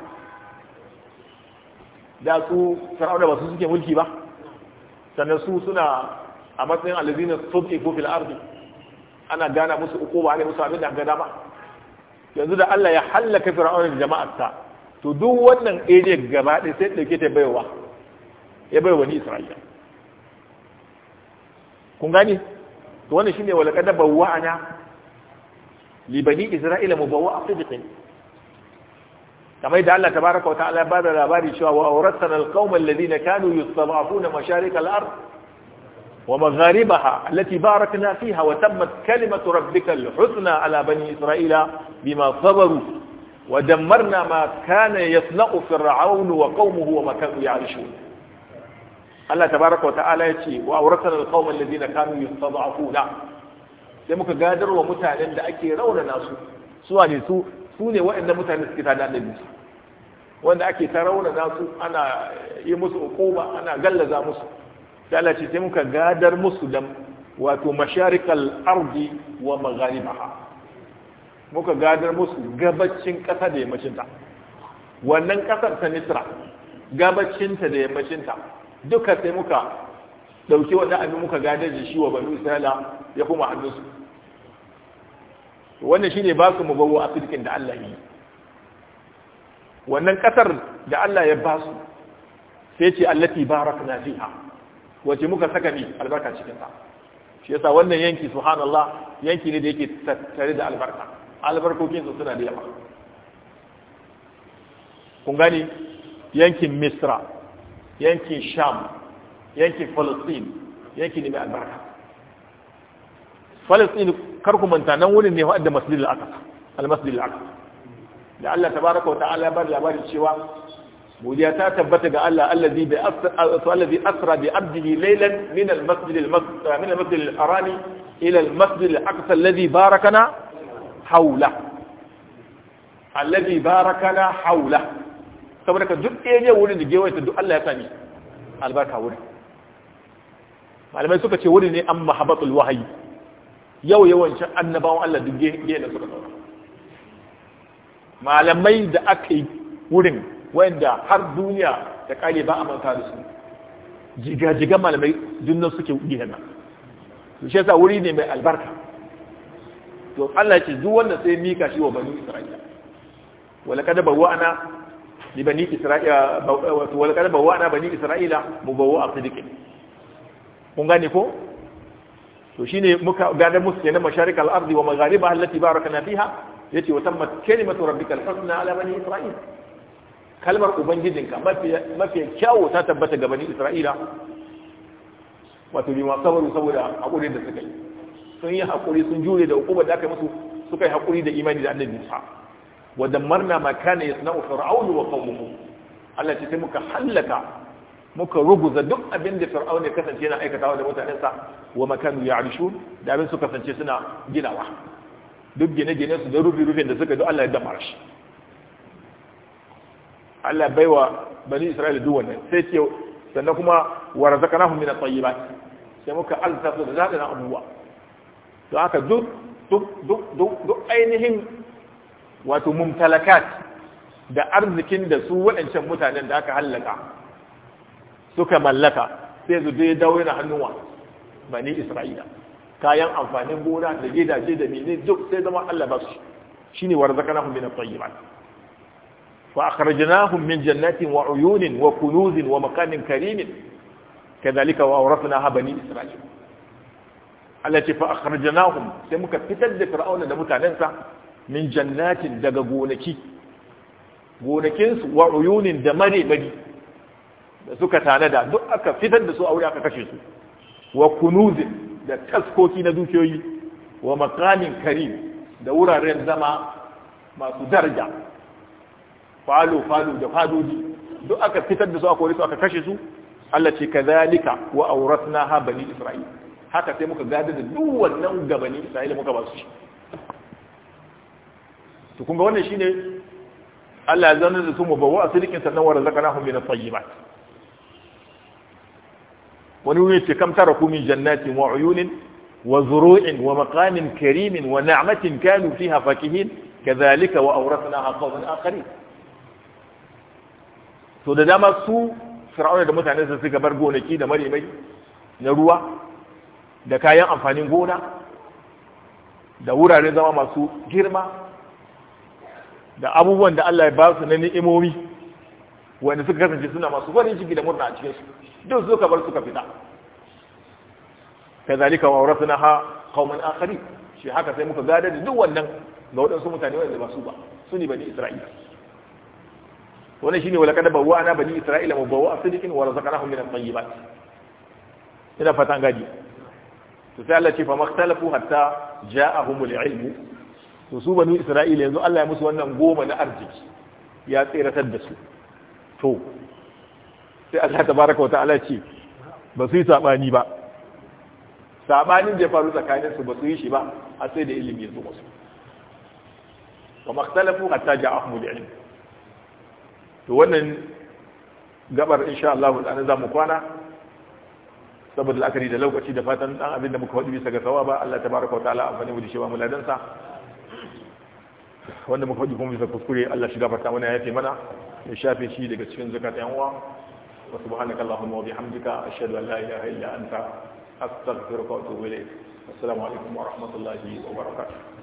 da su fir'auna ba su suke mulki ba sannan su suna a matsayin allazina tud'ifu fil ardi ana gana musu uku ba ne musu abin da gada ba yanzu da Allah ya hallaka fir'auna da jama'arsa to duk wannan area gaba ɗaya sai dauke ta baiwa ya baiwa ni Isra'ila kun gane? to wannan shine wala kada bawwa'ana li bani Isra'ila mubawwa'a sidqin kamar da Allah tabaraka wa ta'ala ya da labari cewa wa awratana alqawma alladhina kanu yustad'afuna masharik al-ard ومغاربها التي باركنا فيها وتمت كلمة ربك الحسنى على بني إسرائيل بما صبروا ودمرنا ما كان يصنع فرعون وقومه وما كانوا يعيشون الله تبارك وتعالى يتي وأورثنا القوم الذين كانوا يستضعفون sai muka gadar عند mutanen da ake raunana سو suwa وإن su su ne waɗanda وإن suke الناس أنا wanda ake أنا raunana su sai Allah ce sai muka gadar musu da wato masharikal ardi wa magharibaha muka gadar musu gabacin ƙasa da yammacinta wannan ƙasar ta misra gabacinta da yammacinta duka sai muka ɗauki wanda abin muka gadar da shi wa banu isra'ila ya kuma hannunsu wannan shine ba su mubawo a sirkin da Allah yi wannan ƙasar da Allah ya ba su sai ce allati barakna fiha wace muka saka mi albarka cikinta? ta shi yasa wannan yanki subhanallah yanki ne da yake tattare da albarka albarkokin su suna da yawa kun gani yankin misra yankin sham yankin falastin yanki ne mai albarka falastin kar ku manta nan wurin ne wadda masjidil aqsa al masjidil aqsa da Allah tabaraka wa ta'ala ya bar labarin cewa godiya ta tabbata ga Allah allazi bi allazi asra bi abdihi laylan min al-masjid al-masjid min al-masjid al-harami ila al-masjid al-aqsa allazi barakana hawla allazi barakana hawla saboda ka duk ɗaya wurin da gewaye ta duk Allah ya sani albarka wurin malamai suka ce wurin ne an mahabatul wahayi yau yawancin annabawan Allah duk gehe da suka saura malamai da aka yi wurin wanda har duniya da kare ba a manta da su jigajigan malamai dunnan suke gina to shi yasa wuri ne mai albarka to Allah ce zuwan wanda sai mika shi wa bani Isra'ila wala kada bawa'ana li bani Isra'ila wala kada bawa'ana bani Isra'ila mubawwa'a sidiqin kun gane ko to shine muka gane musu kenan masharik al-ardi wa magharibaha allati barakna fiha yace wa tammat kalimatu rabbikal husna ala bani Isra'ila kalmar ubangijinka mafi kyawu ta tabbata ga bani isra'ila wato bi masu sabaru saboda haƙuri da suka yi sun yi haƙuri sun jure da hukumar da aka yi musu suka yi haƙuri da imani da annabi musa wadda marna makana ya sana'u fir'aunu wa qawmuhu Allah ce sai muka hallaka muka ruguza duk abin da fir'aun ya kasance yana aikatawa da mutanensa wa makanu ya'rishun da abin su kasance suna ginawa duk gine-gine su da rufe-rufen da suka yi Allah ya damar shi Allah baiwa bani Isra'ila duk wannan sai ce sannan kuma wa razaqnahum min at-tayyibat sai muka alzafa da zaɗin abuwa to haka duk duk ainihin wato mumtalakat da arzikin da su waɗancan mutanen da aka hallaka suka mallaka sai su dai dawo yana hannuwa bani isra'ila kayan amfanin gona da gidaje da mene duk sai zama allah ba su shine warzaqnahum min at-tayyibat فأخرجناهم من جنات وعيون وكنوز ومكان كريم كذلك وأورثناها بني إسرائيل التي فأخرجناهم سمك فتد فرعون لمتعننسا من جنات دقونكي gonakinsu wa uyunin da mare bari da suka tanada duk aka fitar da su aka kashe su wa da taskoki na dukiyoyi wa makamin karim da wuraren zama masu daraja falo falo da fadoji duk aka fitar da su kori su aka kashe su Allah ce kazalika wa awratnaha bani isra'il haka sai muka gada da duwan nan ga bani isra'ila muka ba su shi to kun ga wannan shine Allah ya zana da su mubawwa asirikin sannan wa razaqnahum min at-tayyibat wani wuri ce kam tara kumin jannatin wa uyunin wa zuru'in wa maqamin karimin wa na'matin kanu fiha ka kadhalika wa awratnaha qawman akharin to da dama su fir'auna da mutane su suka bar gonaki da marimai na ruwa da kayan amfanin gona da wuraren zama masu girma da abubuwan da Allah ya ba su na ni'imomi wanda suka kasance suna masu farin ciki da murna a cikin su duk suka bar suka fita kazalika wa ha qauman akharin shi haka sai muka gada da duk wannan ga waɗansu mutane wanda ba su ba su ne bani isra'ila wannan shine wala kada bawa ana bani isra'ila mu bawa asidikin wa razaqnahum min at-tayyibat ina fatan gaji to sai Allah ce fa makhtalafu hatta ja'ahumul ilm to su banu isra'ila yanzu Allah ya musu wannan goma na arziki ya tseratar da su to sai Allah tabaraka wa ta'ala ce ba su yi sabani ba sabanin da ya faru tsakanin su ba su yi shi ba a sai da ilimi ya zo musu wa makhtalafu hatta ja'ahumul ilm to wannan gabar insha Allah mu dan zamu kwana saboda la'akari da lokaci da fatan dan abin da muka faɗi bisa ga sawaba Allah tabaraka wa ta'ala amfani mu da shi ba muladan sa wanda muka faɗi kuma bisa kuskure Allah shi gafarta mana yafi mana ya shafe shi daga cikin zakata yan uwa wa subhanaka allahumma wa bihamdika ashhadu an la ilaha illa anta astaghfiruka wa atubu ilayk assalamu alaikum wa rahmatullahi wa barakatuh